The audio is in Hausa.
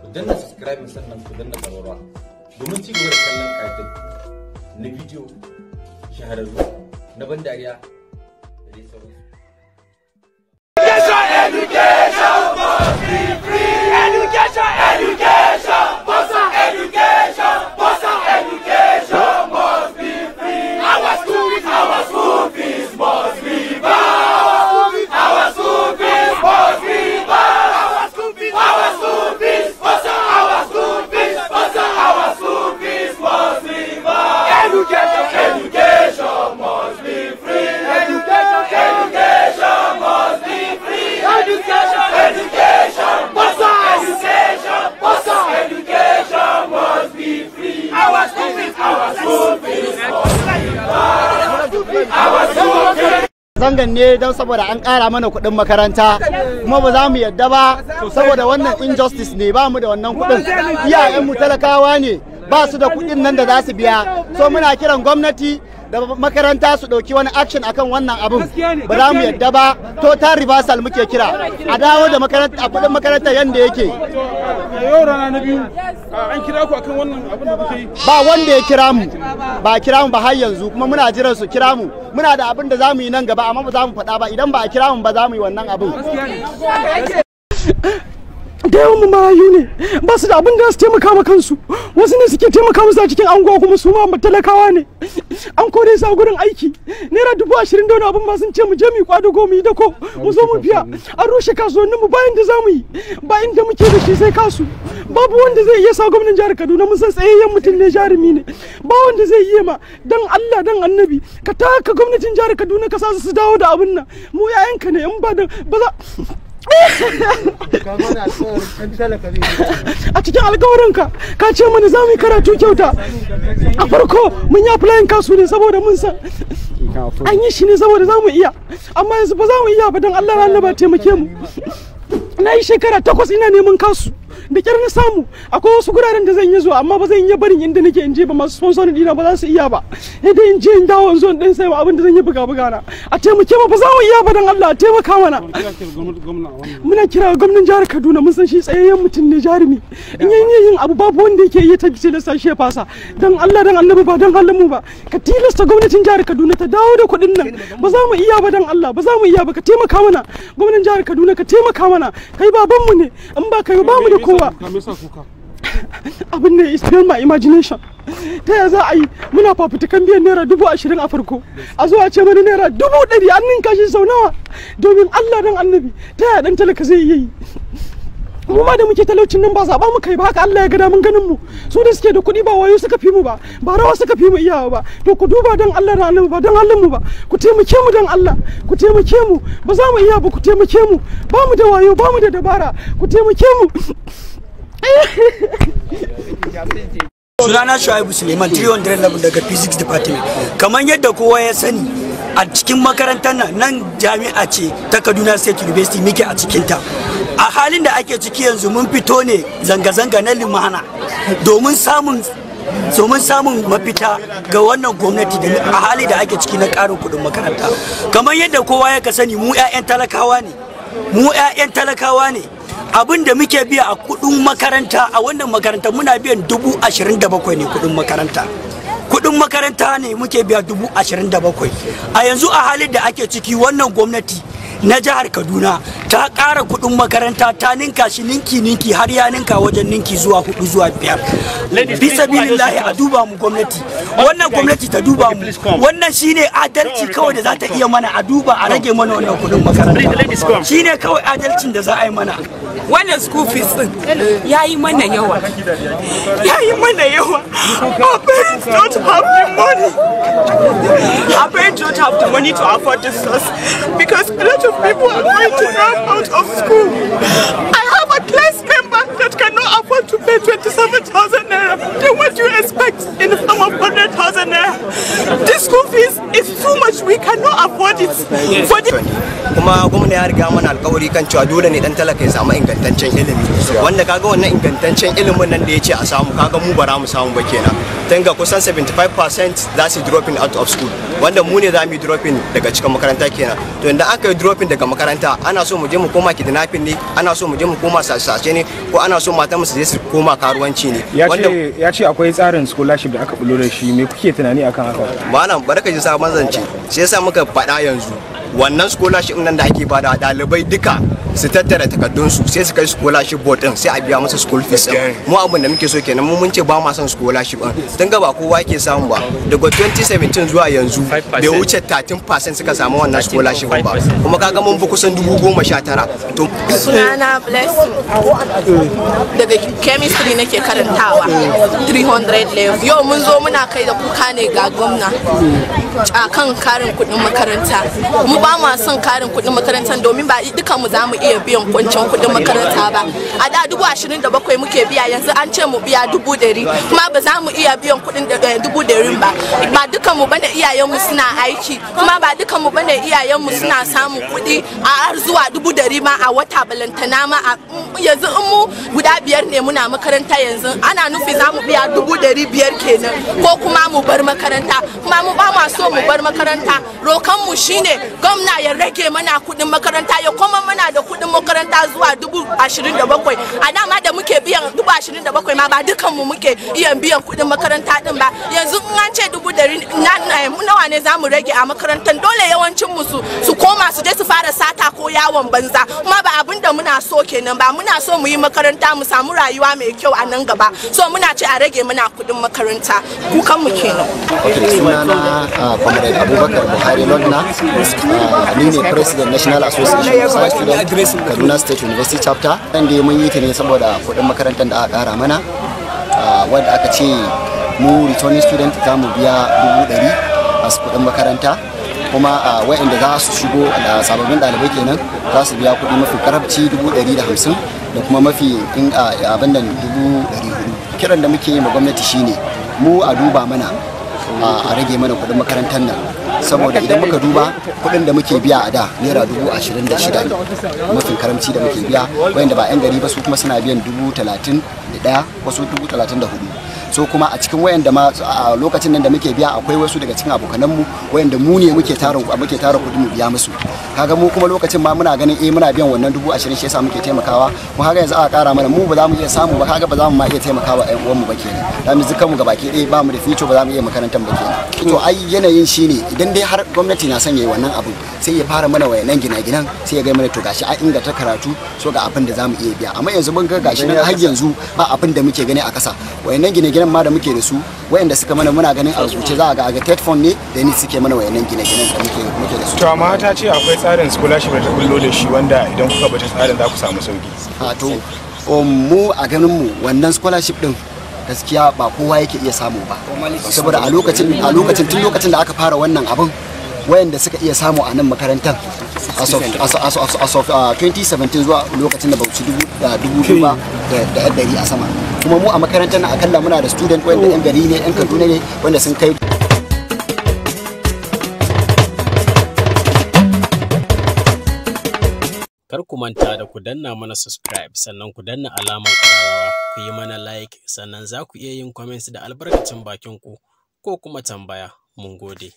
ku danna subscribe sannan ku danna ƙararwa domin ci gaba da kallon ƙa'idan na bidiyo shahararru na ban dariya zangan ne don saboda an ƙara mana kuɗin makaranta kuma ba za mu yadda ba saboda wannan injustice ne ba mu da wannan kuɗin iyayenmu talakawa ne ba su da kuɗin nan da za su biya so muna kiran gwamnati da makaranta su ɗauki wani action akan wannan abun ba za mu yadda ba total reversal muke kira a dawo da makaranta a kuɗin makaranta yadda yake an ba wanda ya kira mu ba kira mu ba har yanzu kuma muna jiran su kira mu muna da abin da za mu yi nan gaba amma ba za mu faɗa ba idan ba a kira mu ba za mu yi wannan abin da yawan mu marayu ne ba su da abin da su taimaka wa kansu wasu ne suke taimaka musu a cikin anguwa kuma su ma talakawa ne an kore su a gurin aiki naira dubu ashirin da wani abin ba sun ce mu je mu yi kwadago mu yi dako mu zo mu biya an rushe kasuwannin mu bayan da za mu yi bayan da muke da shi sai kasu babu wanda zai iya sa gwamnan jihar kaduna mun san tsayayyen mutum ne jarumi ne ba wanda zai iya ma dan allah dan annabi ka taka gwamnatin jihar kaduna ka sa su dawo da abin nan mu 'ya'yanka ne in ba da ba za a cikin alkawarinka ka ka ce mana za mu yi karatu kyauta a farko mun yi filayin kasu ne saboda mun san an yi shi ne saboda za mu iya amma yanzu ba za mu iya ba don allah ba taimake mu na yi shekara takwas ina neman kasu da kyar na samu akwai wasu guraren da zan yi zuwa amma ba zan iya barin inda nake in je ba masu sponsor dina ba za su iya ba sai dai in je in dawo in zo in dan sai abin da zan yi buga buga na a taimake mu ba za mu iya ba dan Allah a taimaka mana muna kira gwamnatin jihar Kaduna mun san shi tsayayyen mutum ne jarumi in yi yin abu babu wanda yake yi ta tilasta shi ya fasa dan Allah dan Allah ba dan Allah mu ba ka tilasta gwamnatin jihar Kaduna ta dawo da kuɗin nan ba za mu iya ba dan Allah ba za mu iya ba ka taimaka mana gwamnatin jihar Kaduna ka taimaka mana kai babanmu ne in ba kai ba mu da kowa zuwa abin ne is beyond my imagination ta ya za a yi muna fafutukan biyan naira dubu ashirin a farko a zuwa ce mana naira dubu ɗari an ninka shi sau nawa domin allah don annabi ta ya ɗan talaka zai yi mu ma da muke talaucin nan ba zaɓa mu kai ba haka Allah ya gada mun ganin mu su da suke da kuɗi ba wayo suka fi mu ba ba rawa suka fi mu iyawa ba to ku duba dan Allah da annabi ba dan Allah mu ba ku taimake mu dan Allah ku taimake mu ba za mu iya ba ku taimake mu ba mu da wayo ba mu da dabara ku taimake mu sunana shu'aibu suleiman 300 level daga physics department kamar yadda kowa ya sani a cikin makarantar nan nan jami'a ce ta kaduna state university muke a cikinta a halin da ake ciki yanzu mun fito ne zanga-zanga na limana domin samun domin samun mafita ga wannan gwamnati da a hali da ake ciki na ƙarin kuɗin makaranta kamar yadda kowa ya ka sani mu 'ya'yan talakawa ne mu 'ya'yan talakawa ne abin da muke biya a kuɗin makaranta a wannan makaranta muna biyan dubu ashirin da bakwai ne kuɗin makaranta kuɗin makaranta ne muke biya dubu ashirin da bakwai a yanzu a halin da ake ciki wannan gwamnati na jihar kaduna ta ƙara kuɗin makaranta ta ninka shi ninki ninki har ya ninka wajen ninki zuwa hudu zuwa biyar bisa lahi a duba mu gwamnati wannan gwamnati ta duba mu wannan shine adalci kawai da za ta iya mana a duba a rage mana wannan kuɗin makaranta shine kawai adalcin da za a yi mana wannan school fees din yi mana yawa yi mana yawa don't have the money. Our parents don't have the money to afford this sauce because a lot of people are going to drop out of school. I have a class member that cannot afford to pay 27,000 naira. Then what do you expect in the form of 100,000 naira? This school fees is too much. We cannot afford it. For the kuma gwamna ya riga mana alkawari kan cewa dole ne dan talaka ya samu ingantaccen ilimi wanda kaga wannan ingantaccen ilimin nan da ya ce a samu kaga mu bara mu samu ba kenan tanga kusan 75% za su dropping out of school wanda mu ne za mu yi dropping daga cikin makaranta kenan to inda aka yi dropping daga makaranta ana so mu je mu koma kidnapping ne ana so mu je mu koma sace ne ko ana so matan mu su je su koma karuwanci ne ya ce akwai tsarin scholarship da aka bulo da shi me kuke tunani akan haka ba nan barka ji sabon zance sai yasa muka faɗa yanzu wannan scholarship nan da ake bada dalibai duka su tattara takardunsu sai su kai scholarship board din sai a biya musu school fees din mu abin da muke so kenan mu mun ce ba ma son scholarship din tun ga ba kowa yake samu ba daga 2017 zuwa yanzu bai wuce 13% suka samu wannan scholarship ba kuma kaga mun fi kusan 2019 to sunana bless daga chemistry nake karantawa 300 level yau mun zo muna kai da kuka ne ga gwamna a kan karin kudin makaranta ba mu son karin kuɗin makaranta domin ba dukan mu za mu iya biyan kwancin kuɗin makaranta ba a da dubu ashirin da bakwai muke biya yanzu an ce mu biya dubu ɗari kuma ba za mu iya biyan kuɗin eh, dubu ɗarin ba ba dukan mu bane iyayen mu suna aiki kuma ba dukan mu bane iyayen mu suna samun kuɗi a har zuwa dubu ɗari ma a wata balantana ma yanzu in mu guda biyar ne muna makaranta yanzu ana nufi za mu biya dubu ɗari biyar kenan ko kuma mu bar makaranta kuma mu ba ma so mu bar makaranta rokan mu shine gwamna ya rage mana kudin makaranta ya kuma mana da kuɗin makaranta zuwa dubu ashirin da bakwai a dama da muke biyan dubu ashirin da bakwai ma ba dukanmu muke iya biyan kuɗin makaranta din ba yanzu in an ce dubu dari nawa ne za mu rage a makarantar dole yawancin mu su koma su je su fara sata ko yawon banza kuma ba abin da muna so kenan ba muna so mu yi makaranta mu samu rayuwa mai kyau a nan gaba so muna ce a rage muna kuɗin makaranta kukan mu kenan. Ah, abubakar buhari london ah, ni ne president national association of science students kaduna state university chapter ɗan da mun yi ta ne saboda kuɗin makarantar da aka ƙara mana wadda aka ce mu returning student za mu biya dubu ɗari a kuɗin makaranta kuma a wa'inda za su shigo da sababbin ɗalibai kenan za su biya kuɗi mafi karabci dubu ɗari da hamsin da kuma mafi abin da dubu ɗari hudu kiran da muke yi ma gwamnati shine mu a duba mana a rage mana kuɗin makarantar nan saboda idan muka duba kuɗin da muke biya a da naira dubu ashirin da shida ne mafi karamci da muke biya wayanda ba 'yan gari ba su kuma suna biyan dubu talatin da ɗaya wasu dubu talatin da hudu so kuma a cikin wayanda ma a lokacin nan da muke biya akwai wasu daga cikin abokanan mu wayanda mu ne muke tarin muke tara kuɗi mu biya musu kaga mu kuma lokacin ma muna ganin eh muna biyan wannan dubu ashirin shi yasa muke taimakawa mu har yanzu aka kara mana mu ba za mu iya samu ba kaga ba za mu ma iya taimakawa ƴan mu ba kenan da mu zuka mu gabaki ɗaya ba mu da fito ba za mu iya makarantar ba kenan to ai yanayin shine idan dai har gwamnati na sanya wannan abin sai ya fara mana wayannan gina-ginan sai ya ga mana to gashi an inganta karatu so ga abin da za mu iya biya amma yanzu mun ga gashi har yanzu ba abin da muke gani a kasa wayannan gine gine-ginen ma da muke da su wayanda suka mana muna ganin a rubuce za a ga aga tet fund ne da ni suke mana wayannan gine-ginen da muke muke da su to amma ta ce akwai tsarin scholarship da ta bullo da shi wanda idan kuka bata tsarin za ku samu sauki ha to um, mu a ganin mu wannan scholarship din gaskiya ba kowa yake iya samu ba saboda a lokacin a lokacin tun lokacin da aka fara wannan abin wayanda suka iya samu a nan makarantar a 2017 uh, zuwa lokacin da su dubu uh, da dubu da ɗari a sama kuma mu a makarantar na akalla muna da student wanda yan gari ne yan kaduna ne wanda sun kai kar ku manta da ku danna mana subscribe sannan ku danna alamar ƙararrawa ku yi mana like sannan za ku iya yin comments da albarkacin bakin ku ko kuma tambaya mun gode